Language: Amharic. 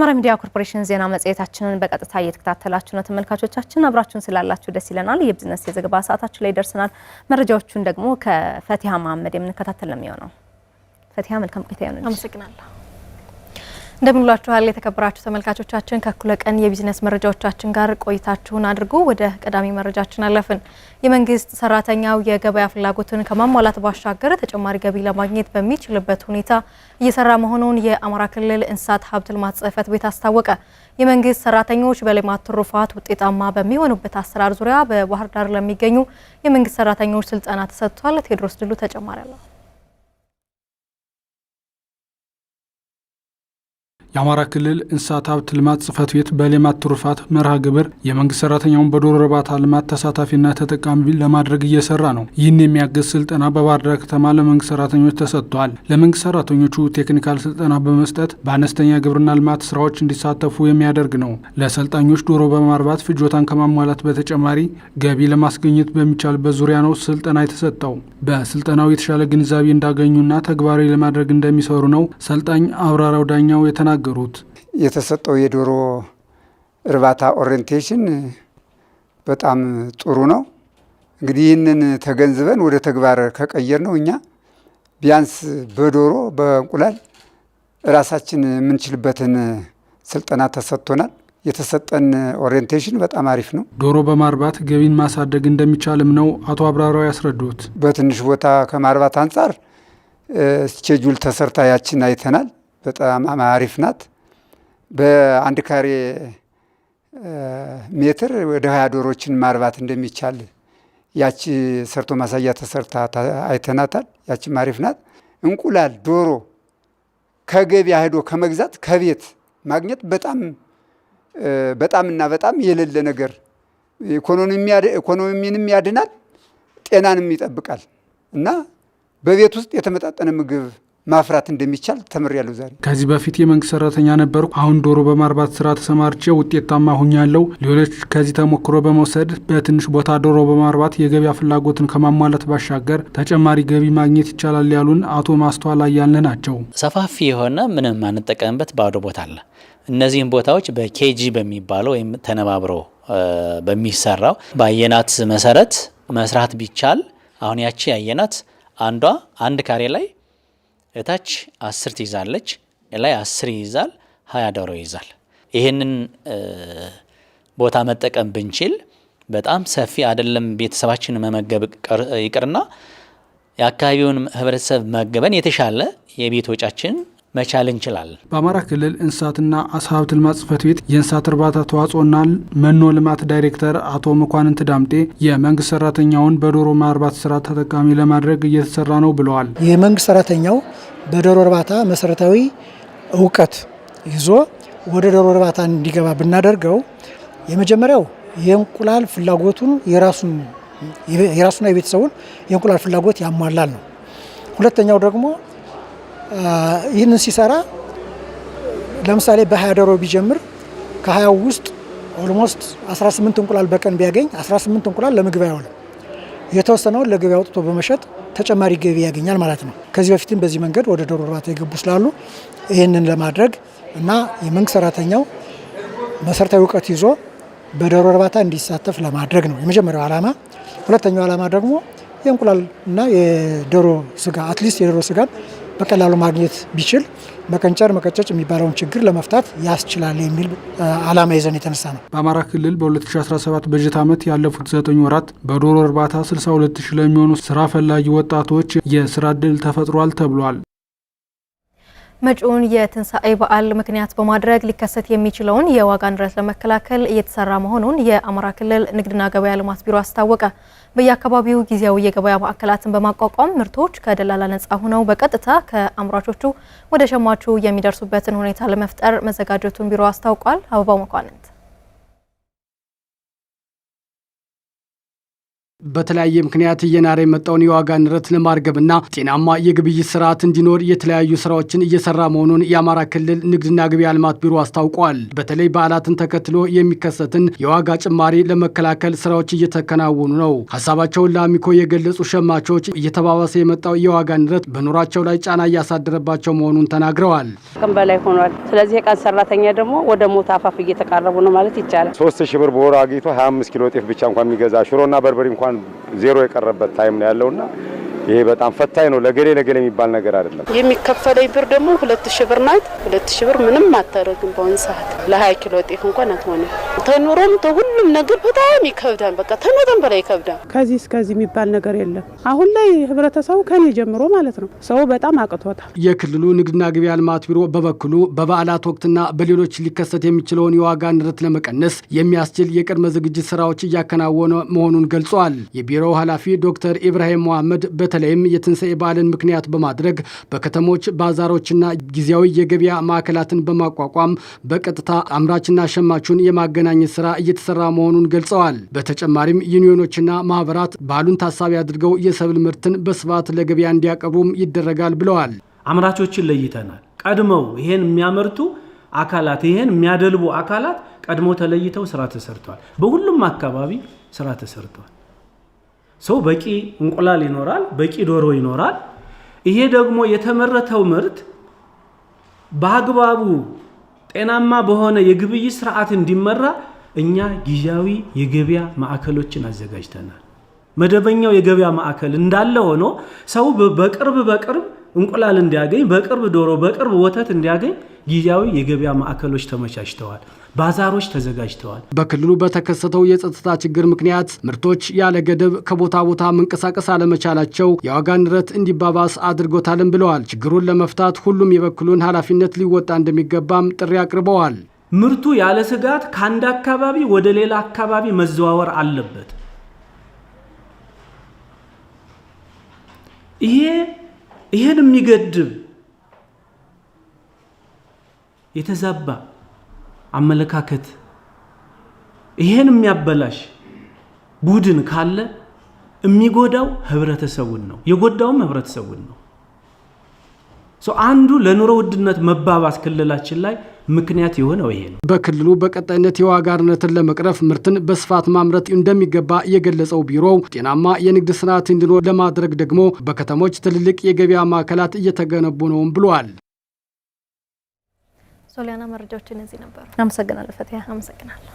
የአማራ ሚዲያ ኮርፖሬሽን ዜና መጽሔታችንን በቀጥታ እየተከታተላችሁ ነው ተመልካቾቻችን፣ አብራችሁን ስላላችሁ ደስ ይለናል። የቢዝነስ የዘገባ ሰዓታችሁ ላይ ደርሰናል። መረጃዎቹን ደግሞ ከፈቲሃ መሀመድ የምንከታተል ነው የሚሆነው። ፈቲሃ መልካም ቆይታ ይሆንልሽ። አመሰግናለሁ። እንደምንሏችኋል የተከበራችሁ ተመልካቾቻችን፣ ከእኩለ ቀን የቢዝነስ መረጃዎቻችን ጋር ቆይታችሁን አድርጉ። ወደ ቀዳሚ መረጃችን አለፍን። የመንግስት ሰራተኛው የገበያ ፍላጎትን ከማሟላት ባሻገር ተጨማሪ ገቢ ለማግኘት በሚችልበት ሁኔታ እየሰራ መሆኑን የአማራ ክልል እንስሳት ሀብት ልማት ጽህፈት ቤት አስታወቀ። የመንግስት ሰራተኞች በሌማት ትሩፋት ውጤታማ በሚሆኑበት አሰራር ዙሪያ በባህር ዳር ለሚገኙ የመንግስት ሰራተኞች ስልጠና ተሰጥቷል። ቴዎድሮስ ድሉ ተጨማሪ አለው። የአማራ ክልል እንስሳት ሀብት ልማት ጽፈት ቤት በሌማት ትሩፋት መርሃ ግብር የመንግስት ሰራተኛውን በዶሮ እርባታ ልማት ተሳታፊና ተጠቃሚ ለማድረግ እየሰራ ነው። ይህን የሚያግዝ ስልጠና በባህር ዳር ከተማ ለመንግስት ሰራተኞች ተሰጥቷል። ለመንግስት ሰራተኞቹ ቴክኒካል ስልጠና በመስጠት በአነስተኛ ግብርና ልማት ስራዎች እንዲሳተፉ የሚያደርግ ነው። ለሰልጣኞች ዶሮ በማርባት ፍጆታን ከማሟላት በተጨማሪ ገቢ ለማስገኘት በሚቻልበት ዙሪያ ነው ስልጠና የተሰጠው። በስልጠናው የተሻለ ግንዛቤ እንዳገኙና ተግባራዊ ለማድረግ እንደሚሰሩ ነው ሰልጣኝ አብራራው ዳኛው የተናገ የተናገሩት። የተሰጠው የዶሮ እርባታ ኦሪየንቴሽን በጣም ጥሩ ነው። እንግዲህ ይህንን ተገንዝበን ወደ ተግባር ከቀየር ነው እኛ ቢያንስ በዶሮ በእንቁላል ራሳችን የምንችልበትን ስልጠና ተሰጥቶናል። የተሰጠን ኦሪየንቴሽን በጣም አሪፍ ነው። ዶሮ በማርባት ገቢን ማሳደግ እንደሚቻልም ነው አቶ አብራራው ያስረዱት። በትንሽ ቦታ ከማርባት አንጻር ስኬጁል ተሰርታ ያችን አይተናል። በጣም አሪፍ ናት። በአንድ ካሬ ሜትር ወደ ሀያ ዶሮችን ማርባት እንደሚቻል ያቺ ሰርቶ ማሳያ ተሰርታ አይተናታል። ያቺ አሪፍ ናት። እንቁላል ዶሮ ከገበያ ሄዶ ከመግዛት ከቤት ማግኘት በጣም በጣምና እና በጣም የሌለ ነገር ኢኮኖሚንም ያድናል፣ ጤናንም ይጠብቃል እና በቤት ውስጥ የተመጣጠነ ምግብ ማፍራት እንደሚቻል ተምሬያለሁ። ዛሬ ከዚህ በፊት የመንግስት ሰራተኛ ነበርኩ። አሁን ዶሮ በማርባት ስራ ተሰማርቼ ውጤታማ ሆኛለሁ። ሌሎች ከዚህ ተሞክሮ በመውሰድ በትንሽ ቦታ ዶሮ በማርባት የገበያ ፍላጎትን ከማሟላት ባሻገር ተጨማሪ ገቢ ማግኘት ይቻላል ያሉን አቶ ማስተዋል አያልንህ ናቸው። ሰፋፊ የሆነ ምንም አንጠቀምበት ባዶ ቦታ አለ። እነዚህም ቦታዎች በኬጂ በሚባለው ወይም ተነባብሮ በሚሰራው በአየናት መሰረት መስራት ቢቻል አሁን ያቺ አየናት አንዷ አንድ ካሬ ላይ እታች አስር ትይዛለች፣ ላይ አስር ይይዛል፣ ሀያ ዶሮ ይይዛል። ይህንን ቦታ መጠቀም ብንችል በጣም ሰፊ አይደለም። ቤተሰባችን መመገብ ይቅርና የአካባቢውን ህብረተሰብ መገበን የተሻለ የቤት ወጫችን መቻል እንችላለን። በአማራ ክልል እንስሳትና አሳ ሀብት ልማት ጽፈት ቤት የእንስሳት እርባታ ተዋጽኦና መኖ ልማት ዳይሬክተር አቶ መኳንንት ዳምጤ የመንግስት ሰራተኛውን በዶሮ ማርባት ስራ ተጠቃሚ ለማድረግ እየተሰራ ነው ብለዋል። የመንግስት ሰራተኛው በዶሮ እርባታ መሰረታዊ እውቀት ይዞ ወደ ዶሮ እርባታ እንዲገባ ብናደርገው የመጀመሪያው የእንቁላል ፍላጎቱን የራሱና የቤተሰቡን የእንቁላል ፍላጎት ያሟላል ነው። ሁለተኛው ደግሞ ይህንን ሲሰራ ለምሳሌ በሀያ ዶሮ ቢጀምር ከሀያ ውስጥ ኦልሞስት 18 እንቁላል በቀን ቢያገኝ 18 እንቁላል ለምግብ አይሆንም። የተወሰነውን ለገበያ ውጥቶ በመሸጥ ተጨማሪ ገቢ ያገኛል ማለት ነው። ከዚህ በፊትም በዚህ መንገድ ወደ ዶሮ እርባታ የገቡ ስላሉ ይህንን ለማድረግ እና የመንግስት ሰራተኛው መሰረታዊ እውቀት ይዞ በዶሮ እርባታ እንዲሳተፍ ለማድረግ ነው የመጀመሪያው ዓላማ። ሁለተኛው ዓላማ ደግሞ የእንቁላል እና የዶሮ ስጋ አትሊስት የዶሮ ስጋን በቀላሉ ማግኘት ቢችል መቀንጨር መቀጨጭ የሚባለውን ችግር ለመፍታት ያስችላል የሚል ዓላማ ይዘን የተነሳ ነው። በአማራ ክልል በ2017 በጀት ዓመት ያለፉት ዘጠኝ ወራት በዶሮ እርባታ 62000 ለሚሆኑ ስራ ፈላጊ ወጣቶች የስራ እድል ተፈጥሯል ተብሏል። መጪውን የትንሣኤ በዓል ምክንያት በማድረግ ሊከሰት የሚችለውን የዋጋ ንረት ለመከላከል እየተሰራ መሆኑን የአማራ ክልል ንግድና ገበያ ልማት ቢሮ አስታወቀ። በየአካባቢው ጊዜያዊ የገበያ ማዕከላትን በማቋቋም ምርቶች ከደላላ ነጻ ሆነው በቀጥታ ከአምራቾቹ ወደ ሸማቹ የሚደርሱበትን ሁኔታ ለመፍጠር መዘጋጀቱን ቢሮ አስታውቋል። አበባው መኳንንት በተለያየ ምክንያት እየናረ የመጣውን የዋጋ ንረት ለማርገብና ጤናማ የግብይት ስርዓት እንዲኖር የተለያዩ ስራዎችን እየሰራ መሆኑን የአማራ ክልል ንግድና ገበያ ልማት ቢሮ አስታውቋል። በተለይ በዓላትን ተከትሎ የሚከሰትን የዋጋ ጭማሪ ለመከላከል ስራዎች እየተከናወኑ ነው። ሀሳባቸውን ለአሚኮ የገለጹ ሸማቾች እየተባባሰ የመጣው የዋጋ ንረት በኑሯቸው ላይ ጫና እያሳደረባቸው መሆኑን ተናግረዋል። ቅም በላይ ሆኗል። ስለዚህ የቀን ሰራተኛ ደግሞ ወደ ሞት አፋፍ እየተቃረቡ ነው ማለት ይቻላል። ሶስት ሺህ ብር በወር አግኝቶ ሀያ አምስት ኪሎ ጤፍ ብቻ እንኳ የሚገዛ ሽሮና በርበሬ እንኳ እንኳን ዜሮ የቀረበት ታይም ነው ያለውና ይሄ በጣም ፈታኝ ነው። ለገሌ ለገሌ የሚባል ነገር አይደለም። የሚከፈለኝ ብር ደግሞ ሁለት ሺ ብር ናት። ሁለት ሺ ብር ምንም አታደርግም። በአሁን ሰዓት ለሀያ ኪሎ ጤፍ እንኳን አትሆነ ተኑሮም ሁሉም ነገር በጣም ይከብዳል። በቃ ተኖተን በላይ ይከብዳል። ከዚህ እስከዚህ የሚባል ነገር የለም። አሁን ላይ ህብረተሰቡ ከኔ ጀምሮ ማለት ነው ሰው በጣም አቅቶታል። የክልሉ ንግድና ገበያ ልማት ቢሮ በበኩሉ በበዓላት ወቅትና በሌሎች ሊከሰት የሚችለውን የዋጋ ንረት ለመቀነስ የሚያስችል የቅድመ ዝግጅት ስራዎች እያከናወነ መሆኑን ገልጿል። የቢሮው ኃላፊ ዶክተር ኢብራሂም መሐመድ በተ በተለይም የትንሣኤ በዓልን ምክንያት በማድረግ በከተሞች ባዛሮችና ጊዜያዊ የገበያ ማዕከላትን በማቋቋም በቀጥታ አምራችና ሸማቹን የማገናኘት ስራ እየተሰራ መሆኑን ገልጸዋል። በተጨማሪም ዩኒዮኖችና ማህበራት በዓሉን ታሳቢ አድርገው የሰብል ምርትን በስፋት ለገበያ እንዲያቀርቡም ይደረጋል ብለዋል። አምራቾችን ለይተናል። ቀድመው ይሄን የሚያመርቱ አካላት ይሄን የሚያደልቡ አካላት ቀድሞ ተለይተው ስራ ተሰርተዋል። በሁሉም አካባቢ ስራ ተሰርተዋል። ሰው በቂ እንቁላል ይኖራል፣ በቂ ዶሮ ይኖራል። ይሄ ደግሞ የተመረተው ምርት በአግባቡ ጤናማ በሆነ የግብይት ስርዓት እንዲመራ እኛ ጊዜያዊ የገበያ ማዕከሎችን አዘጋጅተናል። መደበኛው የገበያ ማዕከል እንዳለ ሆኖ ሰው በቅርብ በቅርብ እንቁላል እንዲያገኝ፣ በቅርብ ዶሮ፣ በቅርብ ወተት እንዲያገኝ ጊዜያዊ የገበያ ማዕከሎች ተመቻችተዋል። ባዛሮች ተዘጋጅተዋል። በክልሉ በተከሰተው የጸጥታ ችግር ምክንያት ምርቶች ያለ ገደብ ከቦታ ቦታ መንቀሳቀስ አለመቻላቸው የዋጋ ንረት እንዲባባስ አድርጎታልም ብለዋል። ችግሩን ለመፍታት ሁሉም የበኩሉን ኃላፊነት ሊወጣ እንደሚገባም ጥሪ አቅርበዋል። ምርቱ ያለ ስጋት ከአንድ አካባቢ ወደ ሌላ አካባቢ መዘዋወር አለበት። ይሄ ይሄን የሚገድብ የተዛባ አመለካከት ይሄን የሚያበላሽ ቡድን ካለ የሚጎዳው ህብረተሰቡን ነው፣ የጎዳውም ህብረተሰቡን ነው። አንዱ ለኑሮ ውድነት መባባስ ክልላችን ላይ ምክንያት የሆነው ይሄ ነው። በክልሉ በቀጣይነት የዋጋ ንረትን ለመቅረፍ ምርትን በስፋት ማምረት እንደሚገባ የገለጸው ቢሮው ጤናማ የንግድ ስርዓት እንዲኖር ለማድረግ ደግሞ በከተሞች ትልልቅ የገበያ ማዕከላት እየተገነቡ ነውም ብለዋል። ሶሊያና፣ መረጃዎች እነዚህ ነበሩ። አመሰግናለሁ ፈቲያ። አመሰግናለሁ።